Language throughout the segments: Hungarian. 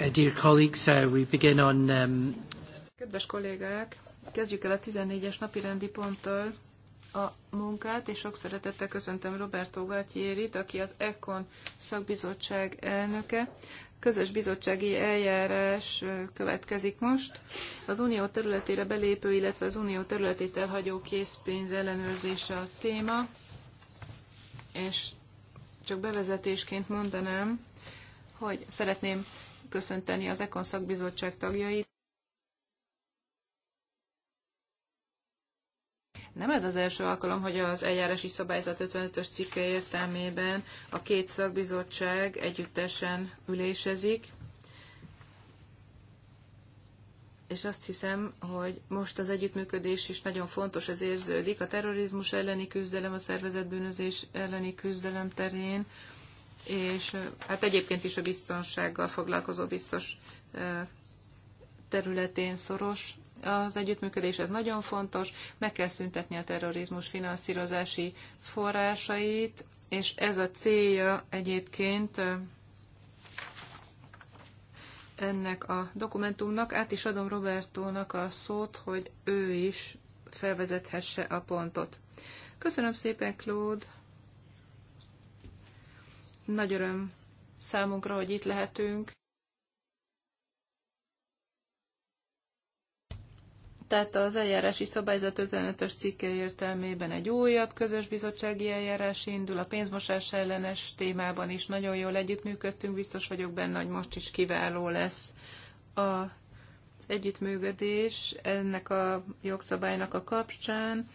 Uh, dear colleagues, uh, we begin on... Um... Kedves kollégák, kezdjük el a 14-es napi rendi ponttal a munkát, és sok szeretettel köszöntöm Roberto Gattiérit, aki az ECON szakbizottság elnöke. Közös bizottsági eljárás uh, következik most. Az unió területére belépő, illetve az unió területét elhagyó készpénz ellenőrzése a téma, és csak bevezetésként mondanám, hogy szeretném köszönteni az Ekon szakbizottság tagjait. Nem ez az első alkalom, hogy az eljárási szabályzat 55-ös cikke értelmében a két szakbizottság együttesen ülésezik, és azt hiszem, hogy most az együttműködés is nagyon fontos, ez érződik. A terrorizmus elleni küzdelem, a szervezetbűnözés elleni küzdelem terén, és hát egyébként is a biztonsággal foglalkozó biztos területén szoros az együttműködés, ez nagyon fontos, meg kell szüntetni a terrorizmus finanszírozási forrásait, és ez a célja egyébként ennek a dokumentumnak. Át is adom Robertónak a szót, hogy ő is felvezethesse a pontot. Köszönöm szépen, Claude! Nagy öröm számunkra, hogy itt lehetünk. Tehát az eljárási szabályzat 55-ös cikke értelmében egy újabb közös bizottsági eljárás indul, a pénzmosás ellenes témában is nagyon jól együttműködtünk, biztos vagyok benne, hogy most is kiváló lesz a együttműködés ennek a jogszabálynak a kapcsán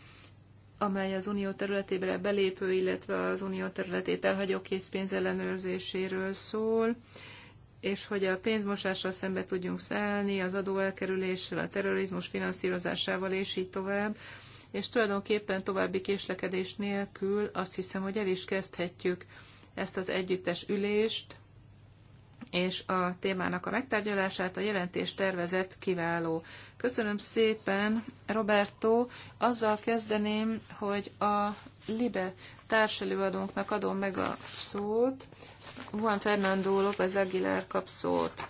amely az unió területére belépő, illetve az unió területét elhagyó készpénz ellenőrzéséről szól, és hogy a pénzmosással szembe tudjunk szállni, az adóelkerüléssel, a terrorizmus finanszírozásával, és így tovább. És tulajdonképpen további késlekedés nélkül azt hiszem, hogy el is kezdhetjük ezt az együttes ülést, és a témának a megtárgyalását, a jelentés tervezett kiváló. Köszönöm szépen, Roberto. Azzal kezdeném, hogy a Libe társelőadónknak adom meg a szót. Juan Fernando López Aguilar kap szót.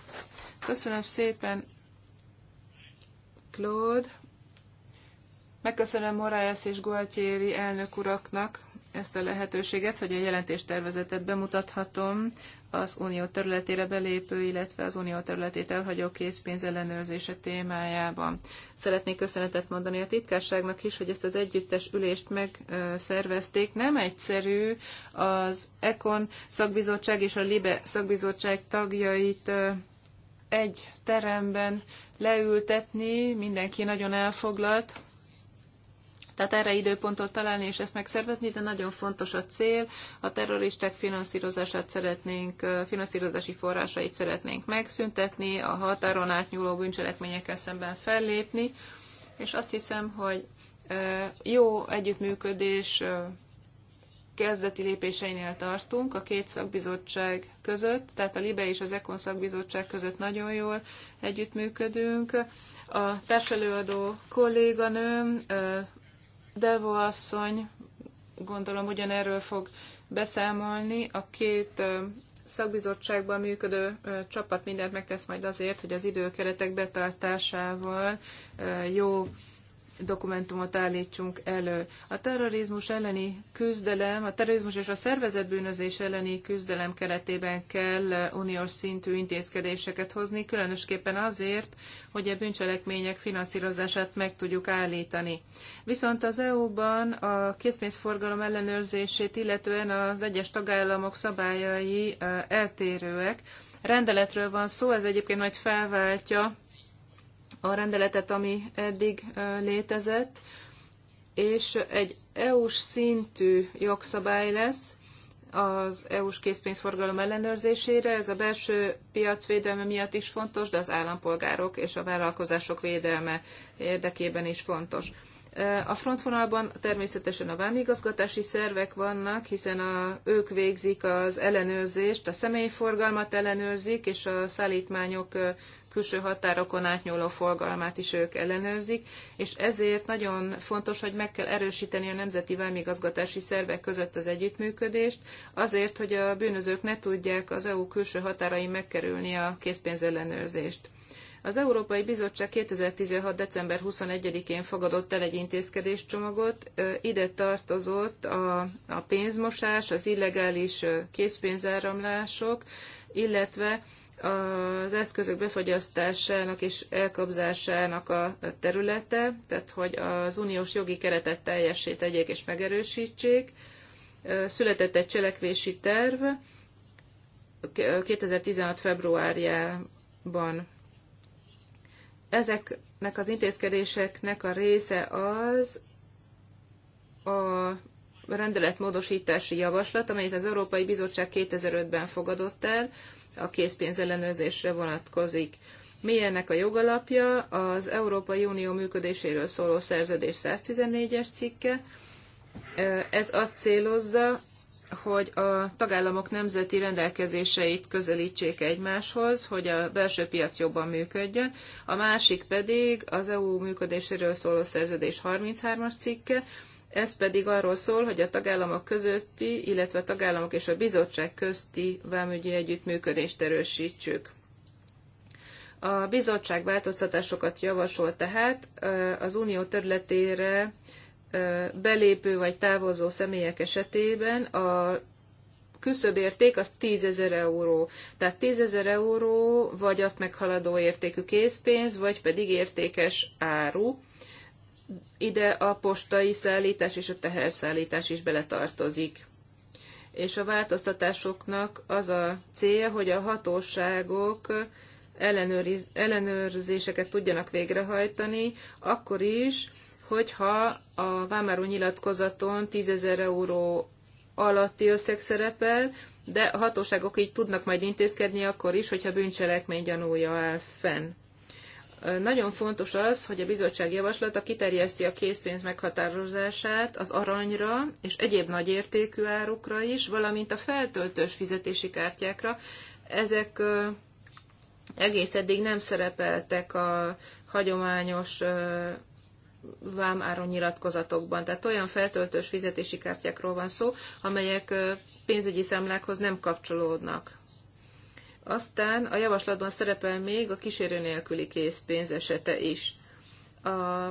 Köszönöm szépen, Claude. Megköszönöm Moraes és Gualtieri elnök uraknak ezt a lehetőséget, hogy a jelentéstervezetet bemutathatom az unió területére belépő, illetve az unió területét elhagyó készpénz ellenőrzése témájában. Szeretnék köszönetet mondani a titkárságnak is, hogy ezt az együttes ülést megszervezték. Nem egyszerű az ECON szakbizottság és a LIBE szakbizottság tagjait egy teremben leültetni, mindenki nagyon elfoglalt, tehát erre időpontot találni és ezt megszervezni, de nagyon fontos a cél. A terroristák finanszírozását szeretnénk, finanszírozási forrásait szeretnénk megszüntetni, a határon átnyúló bűncselekményekkel szemben fellépni, és azt hiszem, hogy jó együttműködés kezdeti lépéseinél tartunk a két szakbizottság között, tehát a LIBE és az EKON szakbizottság között nagyon jól együttműködünk. A társelőadó kolléganőm Devo asszony, gondolom ugyanerről fog beszámolni. A két szakbizottságban működő csapat mindent megtesz majd azért, hogy az időkeretek betartásával jó dokumentumot állítsunk elő. A terrorizmus elleni küzdelem, a terrorizmus és a szervezetbűnözés elleni küzdelem keretében kell uniós szintű intézkedéseket hozni, különösképpen azért, hogy a bűncselekmények finanszírozását meg tudjuk állítani. Viszont az EU-ban a készpénzforgalom ellenőrzését, illetően az egyes tagállamok szabályai eltérőek. Rendeletről van szó, ez egyébként majd felváltja a rendeletet, ami eddig létezett, és egy EU-s szintű jogszabály lesz az EU-s készpénzforgalom ellenőrzésére. Ez a belső piac védelme miatt is fontos, de az állampolgárok és a vállalkozások védelme érdekében is fontos. A frontvonalban természetesen a vámigazgatási szervek vannak, hiszen a, ők végzik az ellenőrzést, a személyforgalmat ellenőrzik, és a szállítmányok külső határokon átnyúló forgalmát is ők ellenőrzik, és ezért nagyon fontos, hogy meg kell erősíteni a nemzeti vámigazgatási szervek között az együttműködést, azért, hogy a bűnözők ne tudják az EU külső határain megkerülni a készpénzellenőrzést. Az Európai Bizottság 2016. december 21-én fogadott el egy intézkedéscsomagot, ide tartozott a, a pénzmosás, az illegális készpénzáramlások, illetve az eszközök befogyasztásának és elkobzásának a területe, tehát hogy az uniós jogi keretet teljessé tegyék és megerősítsék. Született egy cselekvési terv 2016. februárjában. Ezeknek az intézkedéseknek a része az a rendeletmódosítási javaslat, amelyet az Európai Bizottság 2005-ben fogadott el, a készpénz ellenőrzésre vonatkozik. Mi ennek a jogalapja? Az Európai Unió működéséről szóló szerződés 114-es cikke. Ez azt célozza, hogy a tagállamok nemzeti rendelkezéseit közelítsék egymáshoz, hogy a belső piac jobban működjön, a másik pedig az EU működéséről szóló szerződés 33-as cikke, ez pedig arról szól, hogy a tagállamok közötti, illetve a tagállamok és a bizottság közti vámügyi együttműködést erősítsük. A bizottság változtatásokat javasol tehát az unió területére belépő vagy távozó személyek esetében a érték az 10 ezer euró. Tehát 10 ezer euró, vagy azt meghaladó értékű készpénz, vagy pedig értékes áru ide a postai szállítás és a teherszállítás is beletartozik. És a változtatásoknak az a célja, hogy a hatóságok ellenőriz, ellenőrzéseket tudjanak végrehajtani, akkor is, hogyha a vámáró nyilatkozaton 10.000 euró alatti összeg szerepel, de a hatóságok így tudnak majd intézkedni akkor is, hogyha bűncselekmény gyanúja áll fenn. Nagyon fontos az, hogy a bizottság javaslata kiterjeszti a készpénz meghatározását az aranyra és egyéb nagyértékű árukra is, valamint a feltöltős fizetési kártyákra. Ezek egész eddig nem szerepeltek a hagyományos vámáron nyilatkozatokban. Tehát olyan feltöltős fizetési kártyákról van szó, amelyek pénzügyi számlákhoz nem kapcsolódnak. Aztán a javaslatban szerepel még a kísérő nélküli készpénz esete is. A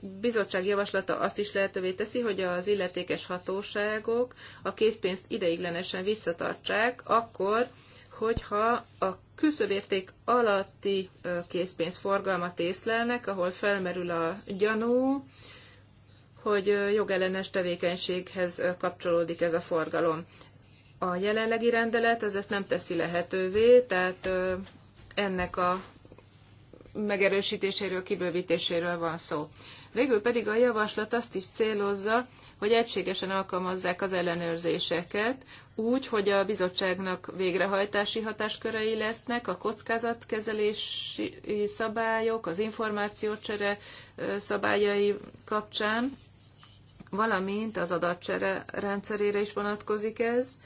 bizottság javaslata azt is lehetővé teszi, hogy az illetékes hatóságok a készpénzt ideiglenesen visszatartsák, akkor, hogyha a küszöbérték alatti készpénz forgalmat észlelnek, ahol felmerül a gyanú, hogy jogellenes tevékenységhez kapcsolódik ez a forgalom. A jelenlegi rendelet ez ezt nem teszi lehetővé, tehát ennek a megerősítéséről, kibővítéséről van szó. Végül pedig a javaslat azt is célozza, hogy egységesen alkalmazzák az ellenőrzéseket, úgy, hogy a bizottságnak végrehajtási hatáskörei lesznek, a kockázatkezelési szabályok, az információcsere szabályai kapcsán, valamint az adatcsere rendszerére is vonatkozik ez,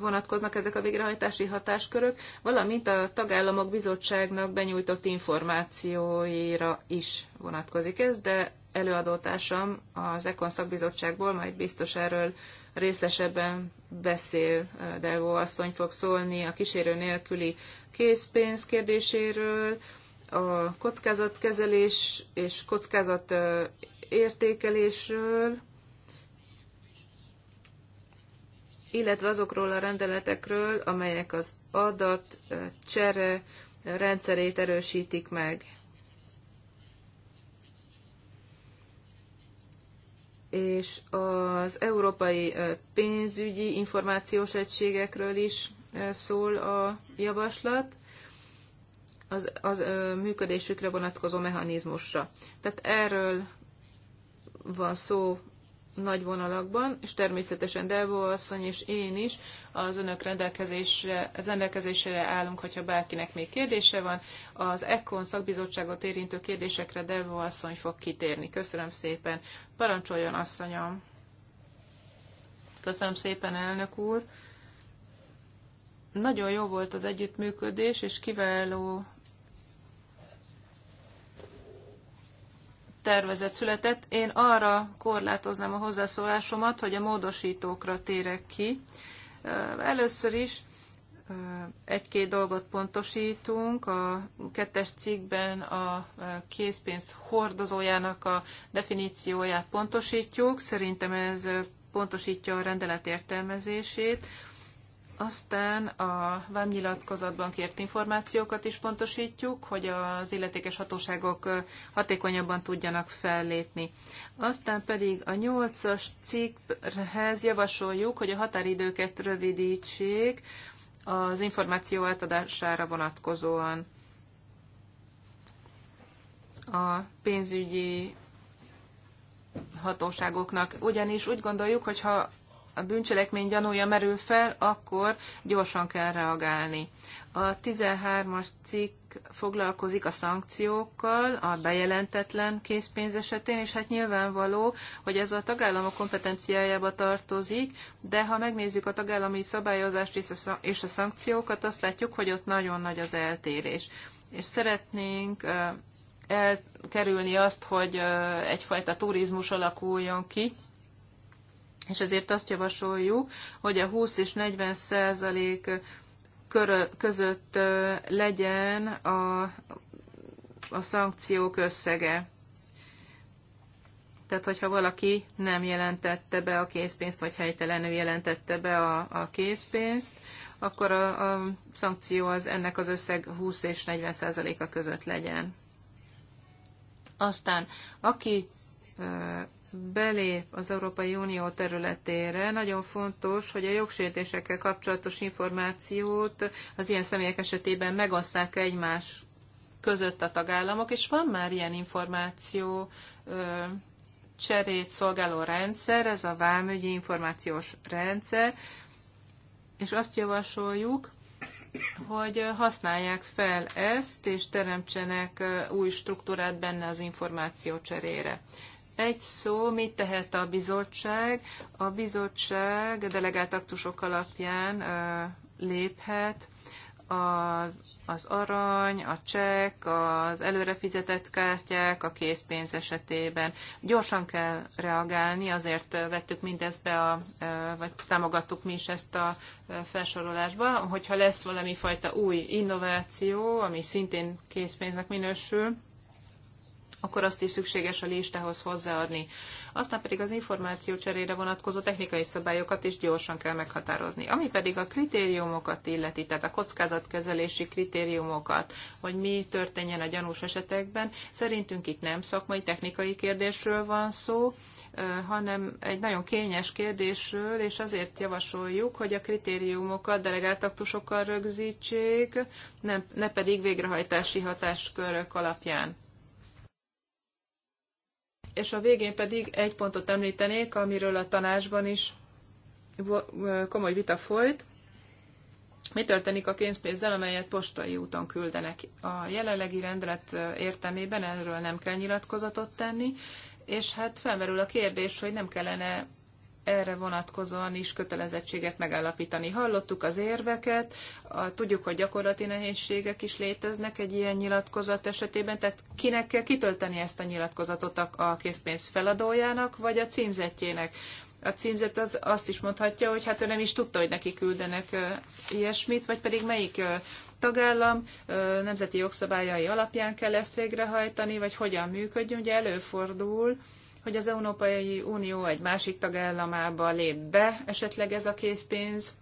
vonatkoznak ezek a végrehajtási hatáskörök, valamint a tagállamok bizottságnak benyújtott információira is vonatkozik ez, de előadótársam az Ekon szakbizottságból majd biztos erről részlesebben beszél, de jó asszony fog szólni a kísérő nélküli készpénz kérdéséről, a kockázatkezelés és kockázat értékelésről, illetve azokról a rendeletekről, amelyek az adat csere rendszerét erősítik meg. És az európai pénzügyi információs egységekről is szól a javaslat az, az ö, működésükre vonatkozó mechanizmusra. Tehát erről van szó nagy vonalakban, és természetesen Delvo asszony és én is az önök rendelkezésre, az rendelkezésére állunk, hogyha bárkinek még kérdése van. Az ECON szakbizottságot érintő kérdésekre Delvo asszony fog kitérni. Köszönöm szépen. Parancsoljon asszonyom. Köszönöm szépen, elnök úr. Nagyon jó volt az együttműködés, és kiváló tervezet született. Én arra korlátoznám a hozzászólásomat, hogy a módosítókra térek ki. Először is egy-két dolgot pontosítunk. A kettes cikkben a készpénz hordozójának a definícióját pontosítjuk. Szerintem ez pontosítja a rendelet értelmezését. Aztán a vámnyilatkozatban kért információkat is pontosítjuk, hogy az illetékes hatóságok hatékonyabban tudjanak fellépni. Aztán pedig a nyolcas cikkhez javasoljuk, hogy a határidőket rövidítsék az információ átadására vonatkozóan. A pénzügyi hatóságoknak. Ugyanis úgy gondoljuk, hogy ha a bűncselekmény gyanúja merül fel, akkor gyorsan kell reagálni. A 13-as cikk foglalkozik a szankciókkal a bejelentetlen készpénz esetén, és hát nyilvánvaló, hogy ez a tagállamok kompetenciájába tartozik, de ha megnézzük a tagállami szabályozást és a szankciókat, azt látjuk, hogy ott nagyon nagy az eltérés. És szeretnénk elkerülni azt, hogy egyfajta turizmus alakuljon ki, és ezért azt javasoljuk, hogy a 20 és 40 százalék között legyen a, a szankciók összege. Tehát, hogyha valaki nem jelentette be a készpénzt, vagy helytelenül jelentette be a, a készpénzt, akkor a, a szankció az ennek az összeg 20 és 40 százaléka között legyen. Aztán, aki belép az Európai Unió területére, nagyon fontos, hogy a jogsértésekkel kapcsolatos információt az ilyen személyek esetében megosszák egymás között a tagállamok, és van már ilyen információ cserét szolgáló rendszer, ez a vámügyi információs rendszer, és azt javasoljuk, hogy használják fel ezt, és teremtsenek új struktúrát benne az információ cserére. Egy szó, mit tehet a bizottság? A bizottság delegált aktusok alapján léphet a, az arany, a csekk, az előre fizetett kártyák, a készpénz esetében. Gyorsan kell reagálni, azért vettük mindezt be, a, vagy támogattuk mi is ezt a felsorolásba, hogyha lesz valami fajta új innováció, ami szintén készpénznek minősül, akkor azt is szükséges a listához hozzáadni. Aztán pedig az információ cserére vonatkozó technikai szabályokat is gyorsan kell meghatározni. Ami pedig a kritériumokat illeti, tehát a kockázatkezelési kritériumokat, hogy mi történjen a gyanús esetekben, szerintünk itt nem szakmai technikai kérdésről van szó, hanem egy nagyon kényes kérdésről, és azért javasoljuk, hogy a kritériumokat delegáltaktusokkal rögzítsék, nem, ne pedig végrehajtási hatáskörök alapján. És a végén pedig egy pontot említenék, amiről a tanácsban is komoly vita folyt. Mi történik a kénzpénzzel, amelyet postai úton küldenek? A jelenlegi rendelet értelmében erről nem kell nyilatkozatot tenni, és hát felmerül a kérdés, hogy nem kellene erre vonatkozóan is kötelezettséget megállapítani. Hallottuk az érveket, a, tudjuk, hogy gyakorlati nehézségek is léteznek egy ilyen nyilatkozat esetében, tehát kinek kell kitölteni ezt a nyilatkozatot a, a készpénz feladójának, vagy a címzetjének. A címzet az azt is mondhatja, hogy hát ő nem is tudta, hogy neki küldenek ö, ilyesmit, vagy pedig melyik ö, tagállam ö, nemzeti jogszabályai alapján kell ezt végrehajtani, vagy hogyan működjön. Ugye előfordul, hogy az Európai Unió egy másik tagállamába lép be esetleg ez a készpénz,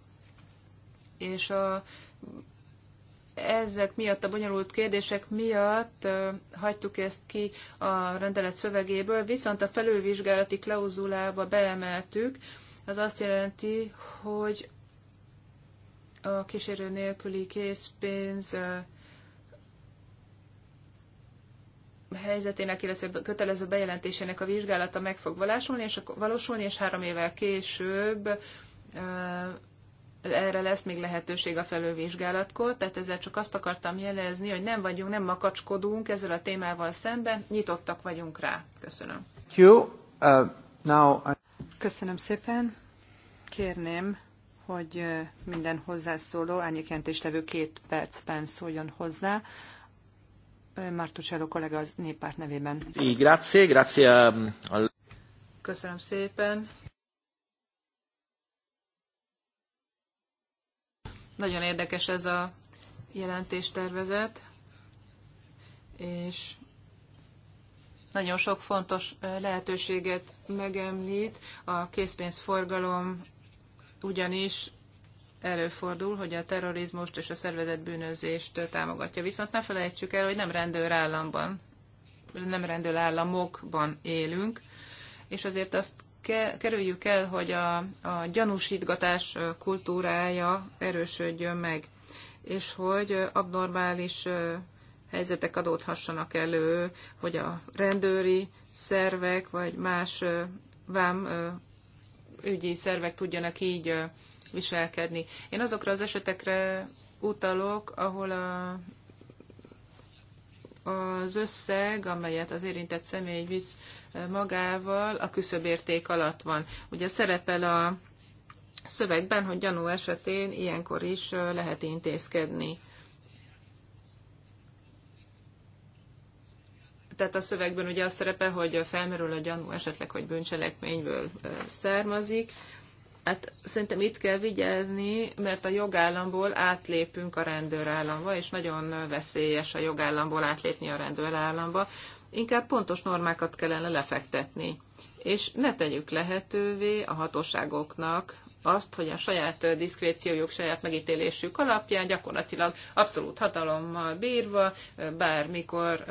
és a, ezek miatt, a bonyolult kérdések miatt hagytuk ezt ki a rendelet szövegéből, viszont a felülvizsgálati klauzulába beemeltük, az azt jelenti, hogy a kísérő nélküli készpénz helyzetének, illetve kötelező bejelentésének a vizsgálata meg fog valósulni, és, valósulni, és három évvel később erre lesz még lehetőség a felővizsgálatkor, tehát ezzel csak azt akartam jelezni, hogy nem vagyunk, nem makacskodunk ezzel a témával szemben, nyitottak vagyunk rá. Köszönöm. Uh, Köszönöm szépen. Kérném, hogy minden hozzászóló, árnyékjelentéstevő két percben szóljon hozzá. Martucello kollega az néppárt nevében. Grazie, grazie. Köszönöm szépen. Nagyon érdekes ez a jelentéstervezet, és nagyon sok fontos lehetőséget megemlít. A készpénzforgalom ugyanis előfordul, hogy a terrorizmust és a szervezett bűnözést támogatja. Viszont ne felejtsük el, hogy nem rendőrállamban, nem rendőrállamokban élünk, és azért azt kerüljük el, hogy a, a gyanúsítgatás kultúrája erősödjön meg, és hogy abnormális helyzetek adódhassanak elő, hogy a rendőri szervek vagy más vám ügyi szervek tudjanak így viselkedni. Én azokra az esetekre utalok, ahol a, az összeg, amelyet az érintett személy visz magával, a küszöbérték alatt van. Ugye szerepel a szövegben, hogy gyanú esetén ilyenkor is lehet intézkedni. tehát a szövegben ugye az szerepel, hogy felmerül a gyanú esetleg, hogy bűncselekményből származik, Hát szerintem itt kell vigyázni, mert a jogállamból átlépünk a rendőrállamba, és nagyon veszélyes a jogállamból átlépni a rendőrállamba. Inkább pontos normákat kellene lefektetni, és ne tegyük lehetővé a hatóságoknak azt, hogy a saját diszkréciójuk, saját megítélésük alapján gyakorlatilag abszolút hatalommal bírva bármikor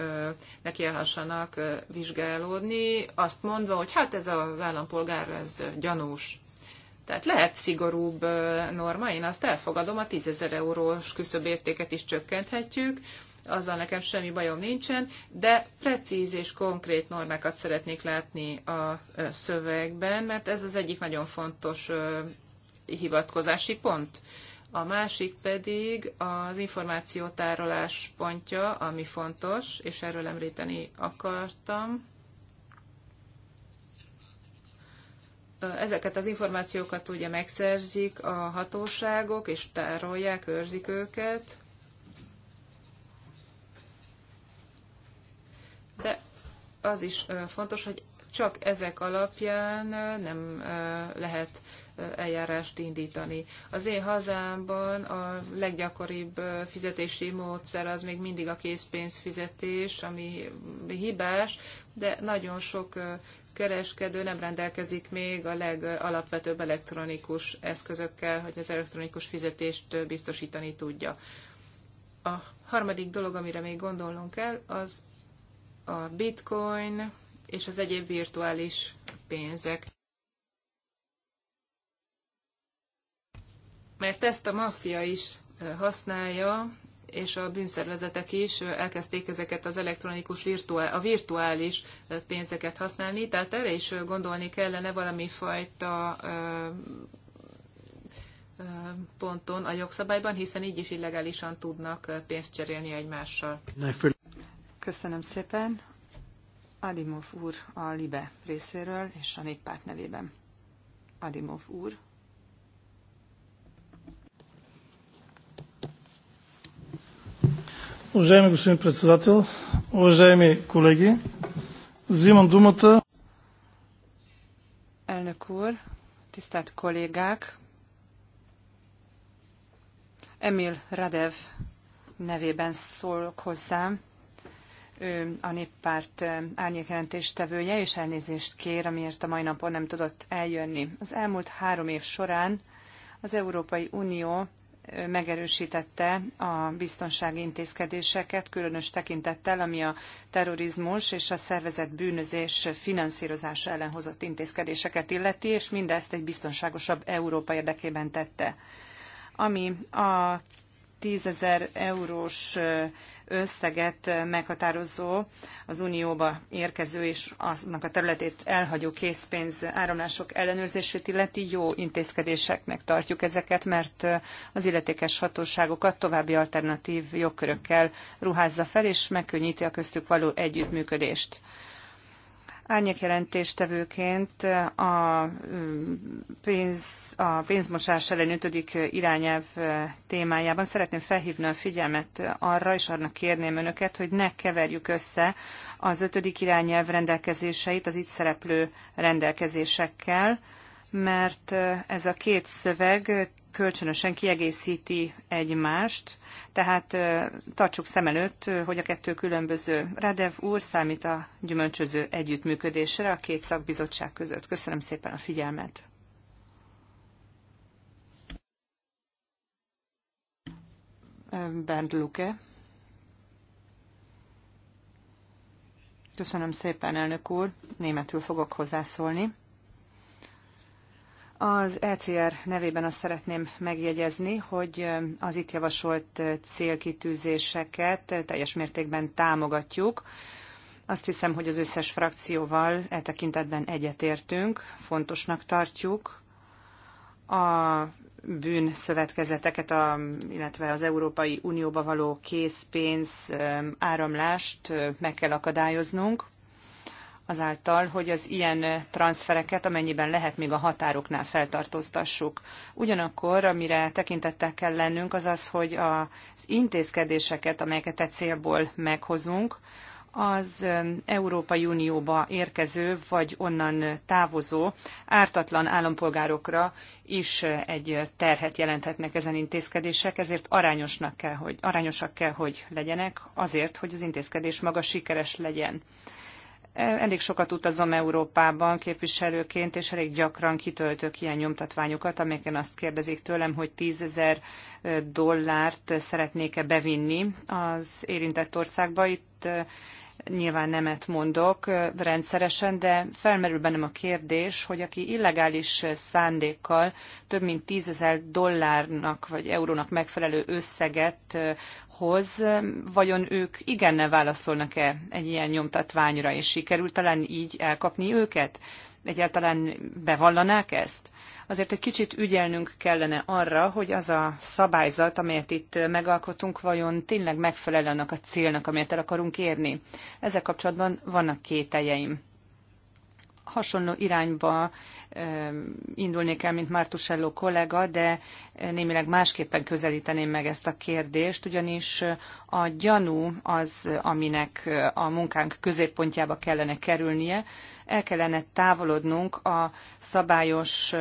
nekiállhassanak vizsgálódni, azt mondva, hogy hát ez az állampolgár, ez gyanús. Tehát lehet szigorúbb norma, én azt elfogadom, a 10.000 eurós küszöbértéket is csökkenthetjük, azzal nekem semmi bajom nincsen, de precíz és konkrét normákat szeretnék látni a szövegben, mert ez az egyik nagyon fontos hivatkozási pont. A másik pedig az információtárolás pontja, ami fontos, és erről említeni akartam. ezeket az információkat ugye megszerzik a hatóságok, és tárolják, őrzik őket. De az is fontos, hogy csak ezek alapján nem lehet eljárást indítani. Az én hazámban a leggyakoribb fizetési módszer az még mindig a készpénzfizetés, ami hibás, de nagyon sok kereskedő nem rendelkezik még a legalapvetőbb elektronikus eszközökkel, hogy az elektronikus fizetést biztosítani tudja. A harmadik dolog, amire még gondolnunk kell, az a bitcoin és az egyéb virtuális pénzek. Mert ezt a maffia is használja, és a bűnszervezetek is elkezdték ezeket az elektronikus, virtuál, a virtuális pénzeket használni, tehát erre is gondolni kellene valami fajta ponton a jogszabályban, hiszen így is illegálisan tudnak pénzt cserélni egymással. Köszönöm szépen. Adimov úr a LIBE részéről és a néppárt nevében. Adimov úr. Уважаеми господин председател, уважаеми колеги, взимам думата. Elnök úr, tisztelt kollégák! Emil Radev nevében szólok hozzám. Ő a néppárt árnyékjelentéstevője, és elnézést kér, amiért a mai napon nem tudott eljönni. Az elmúlt három év során az Európai Unió megerősítette a biztonsági intézkedéseket, különös tekintettel, ami a terrorizmus és a szervezett bűnözés finanszírozása ellen hozott intézkedéseket illeti, és mindezt egy biztonságosabb Európa érdekében tette. Ami a tízezer eurós összeget meghatározó az Unióba érkező és annak a területét elhagyó készpénz áramlások ellenőrzését illeti jó intézkedéseknek tartjuk ezeket, mert az illetékes hatóságokat további alternatív jogkörökkel ruházza fel, és megkönnyíti a köztük való együttműködést árnyékjelentéstevőként a, pénz, a pénzmosás ellen ötödik irányelv témájában szeretném felhívni a figyelmet arra, és arra kérném önöket, hogy ne keverjük össze az ötödik irányelv rendelkezéseit az itt szereplő rendelkezésekkel, mert ez a két szöveg kölcsönösen kiegészíti egymást, tehát tartsuk szem előtt, hogy a kettő különböző. Radev úr számít a gyümölcsöző együttműködésre a két szakbizottság között. Köszönöm szépen a figyelmet. Bernd Luke. Köszönöm szépen, elnök úr. Németül fogok hozzászólni. Az ECR nevében azt szeretném megjegyezni, hogy az itt javasolt célkitűzéseket teljes mértékben támogatjuk. Azt hiszem, hogy az összes frakcióval e tekintetben egyetértünk, fontosnak tartjuk a bűnszövetkezeteket, a, illetve az Európai Unióba való készpénz áramlást meg kell akadályoznunk azáltal, hogy az ilyen transfereket amennyiben lehet még a határoknál feltartóztassuk. Ugyanakkor, amire tekintettel kell lennünk, az az, hogy az intézkedéseket, amelyeket e célból meghozunk, az um, Európai Unióba érkező vagy onnan távozó ártatlan állampolgárokra is uh, egy terhet jelenthetnek ezen intézkedések, ezért arányosnak kell, hogy, arányosak kell, hogy legyenek, azért, hogy az intézkedés maga sikeres legyen elég sokat utazom Európában képviselőként, és elég gyakran kitöltök ilyen nyomtatványokat, amelyeken azt kérdezik tőlem, hogy tízezer dollárt szeretnék-e bevinni az érintett országba. Itt itt nyilván nemet mondok rendszeresen, de felmerül bennem a kérdés, hogy aki illegális szándékkal több mint tízezer dollárnak vagy eurónak megfelelő összeget hoz, vajon ők igenne válaszolnak-e egy ilyen nyomtatványra, és sikerül talán így elkapni őket? Egyáltalán bevallanák ezt? azért egy kicsit ügyelnünk kellene arra, hogy az a szabályzat, amelyet itt megalkotunk, vajon tényleg megfelel annak a célnak, amelyet el akarunk érni. Ezzel kapcsolatban vannak kételjeim. Hasonló irányba indulnék el, mint Martusello kollega, de némileg másképpen közelíteném meg ezt a kérdést, ugyanis a gyanú az, aminek a munkánk középpontjába kellene kerülnie, el kellene távolodnunk a szabályos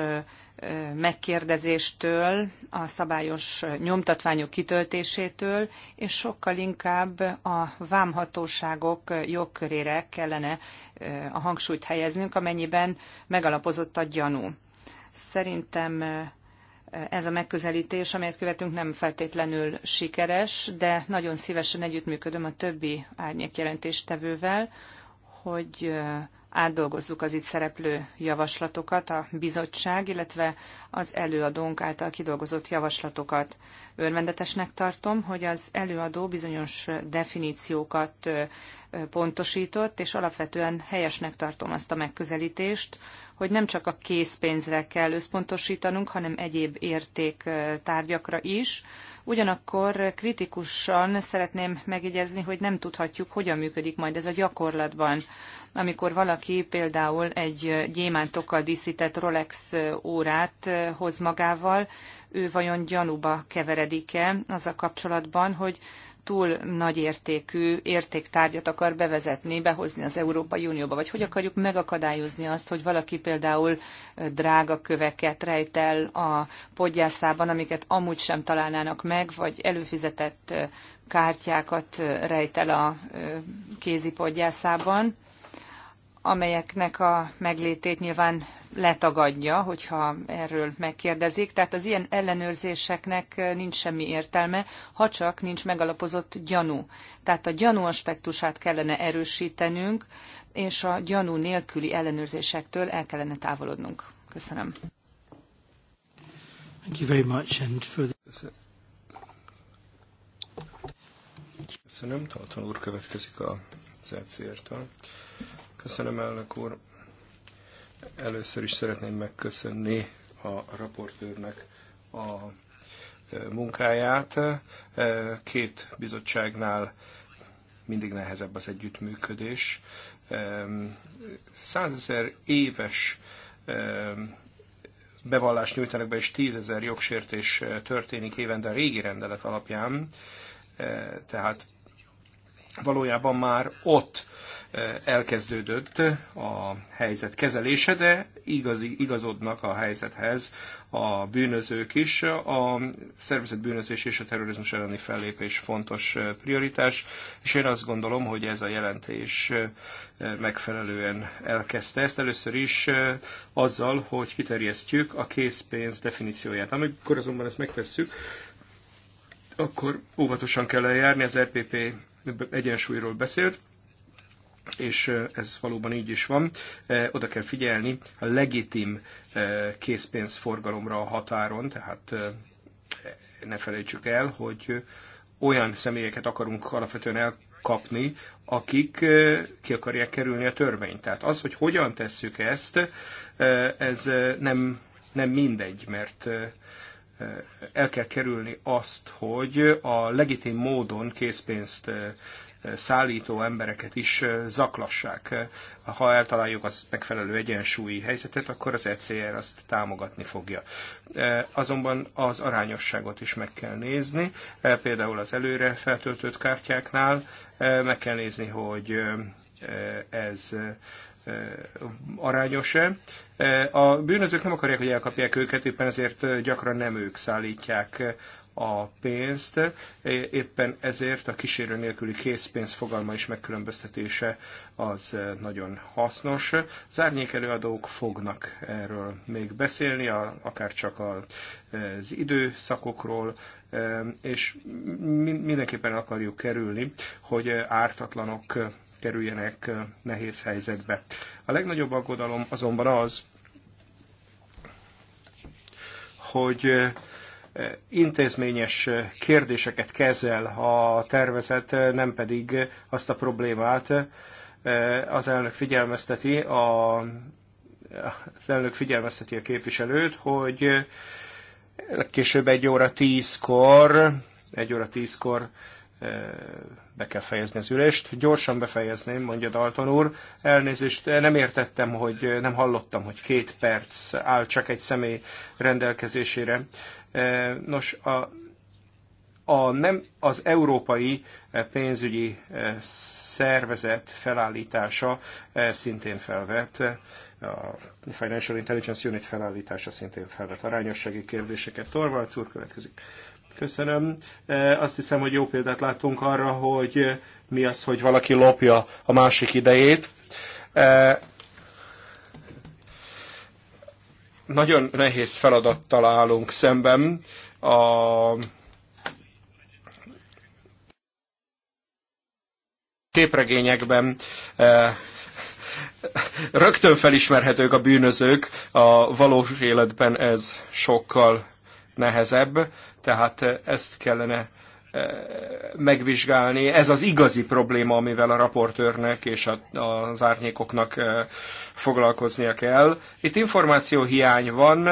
megkérdezéstől, a szabályos nyomtatványok kitöltésétől, és sokkal inkább a vámhatóságok jogkörére kellene a hangsúlyt helyeznünk, amennyiben megalapozott a gyanú. Szerintem ez a megközelítés, amelyet követünk, nem feltétlenül sikeres, de nagyon szívesen együttműködöm a többi árnyékjelentéstevővel, hogy átdolgozzuk az itt szereplő javaslatokat, a bizottság, illetve az előadónk által kidolgozott javaslatokat. Örvendetesnek tartom, hogy az előadó bizonyos definíciókat pontosított, és alapvetően helyesnek tartom azt a megközelítést, hogy nem csak a készpénzre kell összpontosítanunk, hanem egyéb értéktárgyakra is. Ugyanakkor kritikusan szeretném megjegyezni, hogy nem tudhatjuk, hogyan működik majd ez a gyakorlatban. Amikor valaki például egy gyémántokkal díszített Rolex órát hoz magával, ő vajon gyanúba keveredik-e az a kapcsolatban, hogy túl nagy értékű értéktárgyat akar bevezetni, behozni az Európai Unióba, vagy hogy akarjuk megakadályozni azt, hogy valaki például drága köveket rejt el a podgyászában, amiket amúgy sem találnának meg, vagy előfizetett kártyákat rejt el a kézi podgyászában amelyeknek a meglétét nyilván letagadja, hogyha erről megkérdezik. Tehát az ilyen ellenőrzéseknek nincs semmi értelme, ha csak nincs megalapozott gyanú. Tehát a gyanú aspektusát kellene erősítenünk, és a gyanú nélküli ellenőrzésektől el kellene távolodnunk. Köszönöm. Thank you very much and for the... Köszönöm, Tartan úr következik a ECR-től. Köszönöm, elnök úr. Először is szeretném megköszönni a raportőrnek a e, munkáját. E, két bizottságnál mindig nehezebb az együttműködés. E, százezer éves bevallást nyújtanak be, és tízezer jogsértés történik évente a régi rendelet alapján, tehát valójában már ott eh, elkezdődött a helyzet kezelése, de igazi, igazodnak a helyzethez a bűnözők is. A szervezett bűnözés és a terrorizmus elleni fellépés fontos eh, prioritás, és én azt gondolom, hogy ez a jelentés eh, megfelelően elkezdte ezt. Először is azzal, hogy kiterjesztjük a készpénz definícióját. Amikor azonban ezt megtesszük, akkor óvatosan kell eljárni, az RPP egyensúlyról beszélt, és ez valóban így is van, oda kell figyelni a legitim készpénzforgalomra a határon, tehát ne felejtsük el, hogy olyan személyeket akarunk alapvetően elkapni, akik ki akarják kerülni a törvényt. Tehát az, hogy hogyan tesszük ezt, ez nem, nem mindegy, mert el kell kerülni azt, hogy a legitim módon készpénzt szállító embereket is zaklassák. Ha eltaláljuk az megfelelő egyensúlyi helyzetet, akkor az ECR azt támogatni fogja. Azonban az arányosságot is meg kell nézni, például az előre feltöltött kártyáknál meg kell nézni, hogy Eh, ez eh, arányos-e. Eh, a bűnözők nem akarják, hogy elkapják őket, éppen ezért gyakran nem ők szállítják a pénzt, éppen ezért a kísérő nélküli készpénz fogalma is megkülönböztetése az nagyon hasznos. Az előadók fognak erről még beszélni, akár csak az időszakokról, és mindenképpen akarjuk kerülni, hogy ártatlanok kerüljenek nehéz helyzetbe. A legnagyobb aggodalom azonban az, hogy intézményes kérdéseket kezel a tervezet, nem pedig azt a problémát, az elnök figyelmezteti a, az elnök figyelmezteti a képviselőt, hogy később egy óra tízkor, egy óra tízkor be kell fejezni az ülést. Gyorsan befejezném, mondja Dalton úr. Elnézést, nem értettem, hogy nem hallottam, hogy két perc áll csak egy személy rendelkezésére. Nos, a, a nem, az európai pénzügyi szervezet felállítása szintén felvett a Financial Intelligence Unit felállítása szintén felvett arányossági kérdéseket. Torvalds úr következik. Köszönöm. E, azt hiszem, hogy jó példát láttunk arra, hogy mi az, hogy valaki lopja a másik idejét. E, nagyon nehéz feladattal állunk szemben. A képregényekben e, rögtön felismerhetők a bűnözők, a valós életben ez sokkal nehezebb. Tehát eh, ezt kellene eh, megvizsgálni. Ez az igazi probléma, amivel a raportőrnek és a, az árnyékoknak eh, foglalkoznia kell. Itt információ hiány van,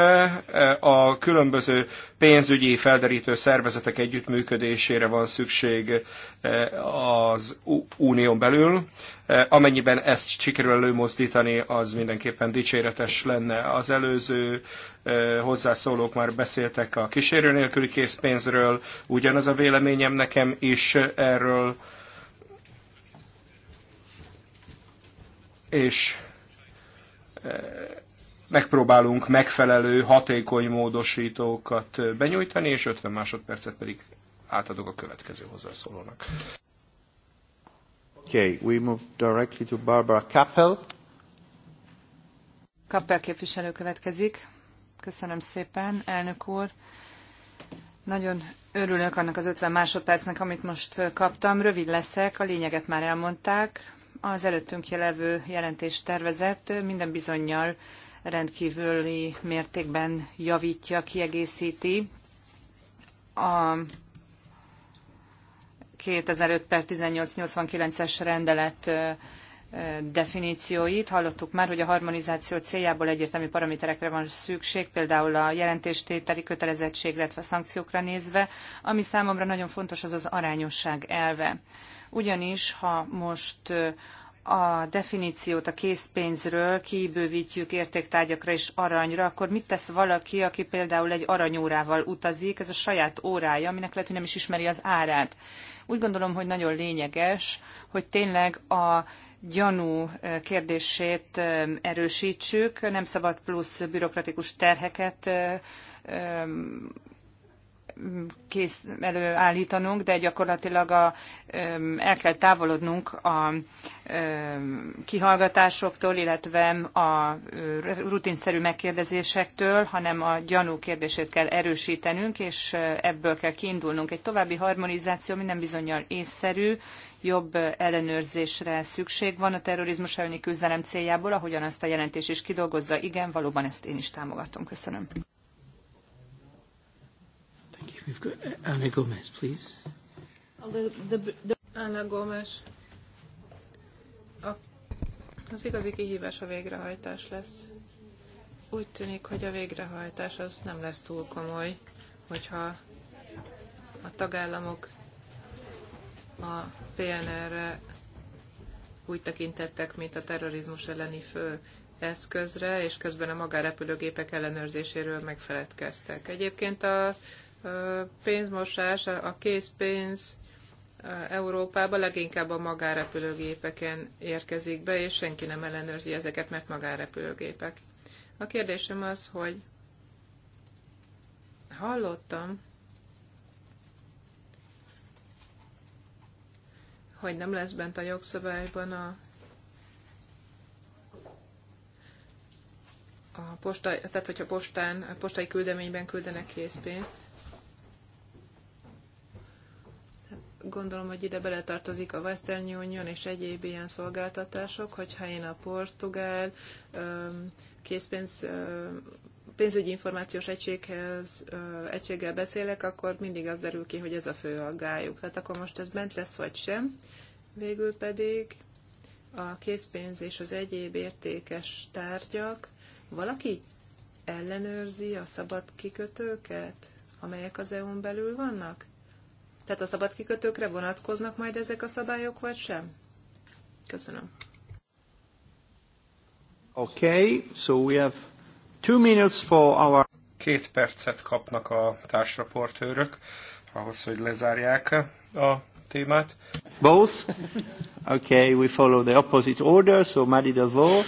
a különböző pénzügyi felderítő szervezetek együttműködésére van szükség az unión belül. Eh, amennyiben ezt sikerül előmozdítani, az mindenképpen dicséretes lenne. Az előző eh, hozzászólók már beszéltek a kísérő nélküli készpénzről, ugyanaz a véleményem nekem is erről. És eh, megpróbálunk megfelelő, hatékony módosítókat benyújtani, és 50 másodpercet pedig átadok a következő hozzászólónak. Okay, we move directly to Barbara Kappel. Kappel képviselő következik. Köszönöm szépen, elnök úr. Nagyon örülök annak az 50 másodpercnek, amit most kaptam. Rövid leszek, a lényeget már elmondták. Az előttünk jelevő jelentés tervezett minden bizonyal rendkívüli mértékben javítja, kiegészíti a 2005 per 1889-es rendelet definícióit. Hallottuk már, hogy a harmonizáció céljából egyértelmű paraméterekre van szükség, például a jelentéstételi kötelezettség, illetve a szankciókra nézve. Ami számomra nagyon fontos, az az arányosság elve. Ugyanis, ha most a definíciót a készpénzről kibővítjük értéktárgyakra és aranyra, akkor mit tesz valaki, aki például egy aranyórával utazik, ez a saját órája, aminek lehet, hogy nem is ismeri az árát. Úgy gondolom, hogy nagyon lényeges, hogy tényleg a gyanú eh, kérdését eh, erősítsük, nem szabad plusz bürokratikus terheket eh, kész előállítanunk, de gyakorlatilag a, el kell távolodnunk a kihallgatásoktól, illetve a rutinszerű megkérdezésektől, hanem a gyanú kérdését kell erősítenünk, és ebből kell kiindulnunk. Egy további harmonizáció minden bizonyal észszerű, jobb ellenőrzésre szükség van a terrorizmus elleni küzdelem céljából, ahogyan azt a jelentés is kidolgozza. Igen, valóban ezt én is támogatom. Köszönöm. We've got uh, Anna Gomez, please. Oh, the, the, the... Anna Gomez. A, az igazi kihívás a végrehajtás lesz. Úgy tűnik, hogy a végrehajtás az nem lesz túl komoly, hogyha a tagállamok a PNR-re úgy tekintettek, mint a terrorizmus elleni fő eszközre, és közben a magárepülőgépek ellenőrzéséről megfeledkeztek. Egyébként a pénzmosás, a készpénz Európába leginkább a magárepülőgépeken érkezik be, és senki nem ellenőrzi ezeket, mert magárepülőgépek. A kérdésem az, hogy hallottam, hogy nem lesz bent a jogszabályban a, a posta, tehát hogyha postán, a postai küldeményben küldenek készpénzt, gondolom, hogy ide beletartozik a Western Union és egyéb ilyen szolgáltatások, hogyha én a portugál készpénz pénzügyi információs egységhez, egységgel beszélek, akkor mindig az derül ki, hogy ez a fő aggájuk. Tehát akkor most ez bent lesz, vagy sem. Végül pedig a készpénz és az egyéb értékes tárgyak. Valaki ellenőrzi a szabad kikötőket, amelyek az EU-n belül vannak? Tehát a szabad kikötőkre vonatkoznak majd ezek a szabályok, vagy sem? Köszönöm. Okay, so we have two minutes for our... Két percet kapnak a társraportőrök ahhoz, hogy lezárják a témát. Both? Okay, we follow the opposite order, so Madi Delvaux.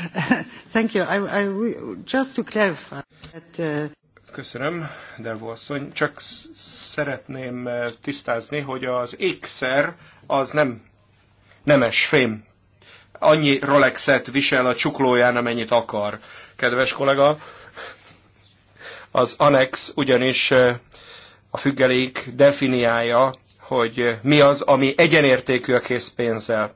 Thank you. I, I, just to clarify that... Uh... Köszönöm, de asszony. Csak szeretném eh, tisztázni, hogy az ékszer az nem nemes fém. Annyi Rolexet visel a csuklóján, amennyit akar, kedves kollega. Az Anex ugyanis eh, a függelék definiálja, hogy eh, mi az, ami egyenértékű a készpénzzel.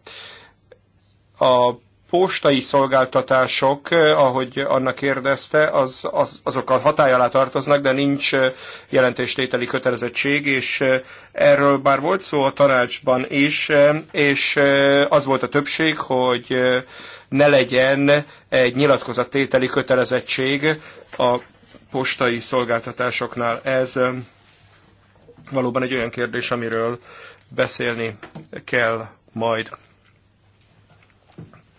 A postai szolgáltatások, eh, ahogy annak kérdezte, az, az, azok a hatály alá tartoznak, de nincs eh, jelentéstételi kötelezettség, és eh, erről bár volt szó a tanácsban is, és az volt a többség, hogy ne legyen egy nyilatkozattételi kötelezettség a postai szolgáltatásoknál. Ez valóban egy olyan kérdés, amiről beszélni kell majd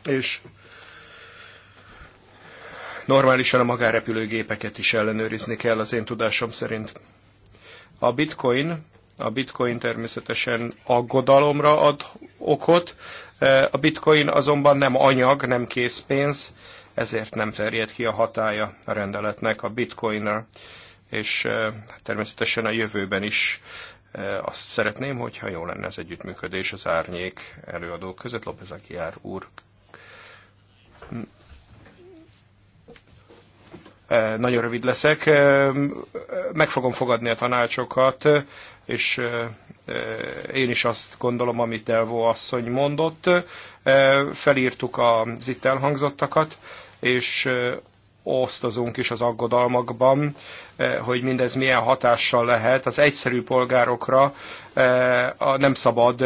és normálisan a magárepülőgépeket is ellenőrizni kell az én tudásom szerint. A bitcoin, a bitcoin természetesen aggodalomra ad okot, e, a bitcoin azonban nem anyag, nem készpénz, ezért nem terjed ki a hatája a rendeletnek a bitcoinra, és e, hát természetesen a jövőben is e, azt szeretném, hogyha jó lenne az együttműködés az árnyék előadók között. Lopez Akiár úr nagyon rövid leszek. Meg fogom fogadni a tanácsokat, és én is azt gondolom, amit Delvo asszony mondott. Felírtuk az itt elhangzottakat, és osztozunk is az aggodalmakban, hogy mindez milyen hatással lehet az egyszerű polgárokra. Nem szabad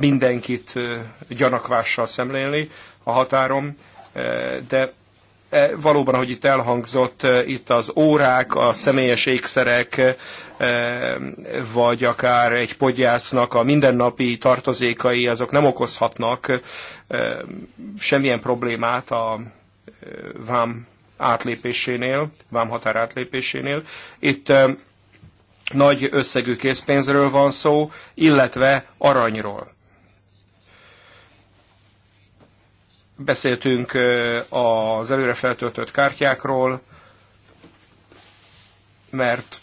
mindenkit gyanakvással szemlélni a határom, de E, valóban, ahogy itt elhangzott, e, itt az órák, a személyes ékszerek, e, vagy akár egy podgyásznak a mindennapi tartozékai, azok nem okozhatnak semmilyen problémát a vám átlépésénél, vám határ átlépésénél. Itt nagy összegű készpénzről van szó, illetve aranyról Beszéltünk az előre feltöltött kártyákról, mert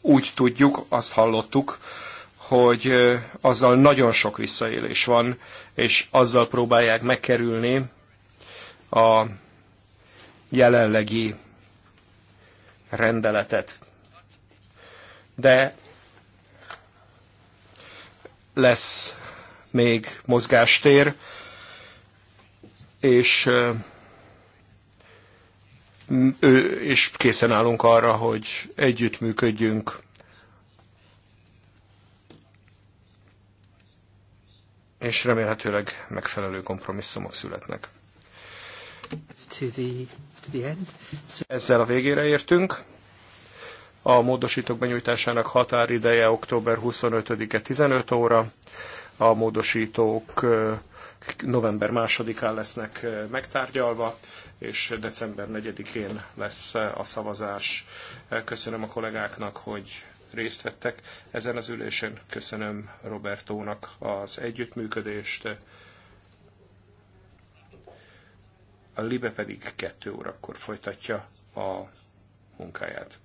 úgy tudjuk, azt hallottuk, hogy azzal nagyon sok visszaélés van, és azzal próbálják megkerülni a jelenlegi rendeletet. De lesz még mozgástér, és, ő és készen állunk arra, hogy együttműködjünk és remélhetőleg megfelelő kompromisszumok születnek. Ezzel a végére értünk. A módosítók benyújtásának határideje október 25-e 15 óra. A módosítók november másodikán lesznek eh, megtárgyalva, és december 4-én lesz eh, a szavazás. Eh, köszönöm a kollégáknak, hogy részt vettek ezen az ülésen. Köszönöm Robertónak az együttműködést. A Libe pedig kettő órakor folytatja a munkáját.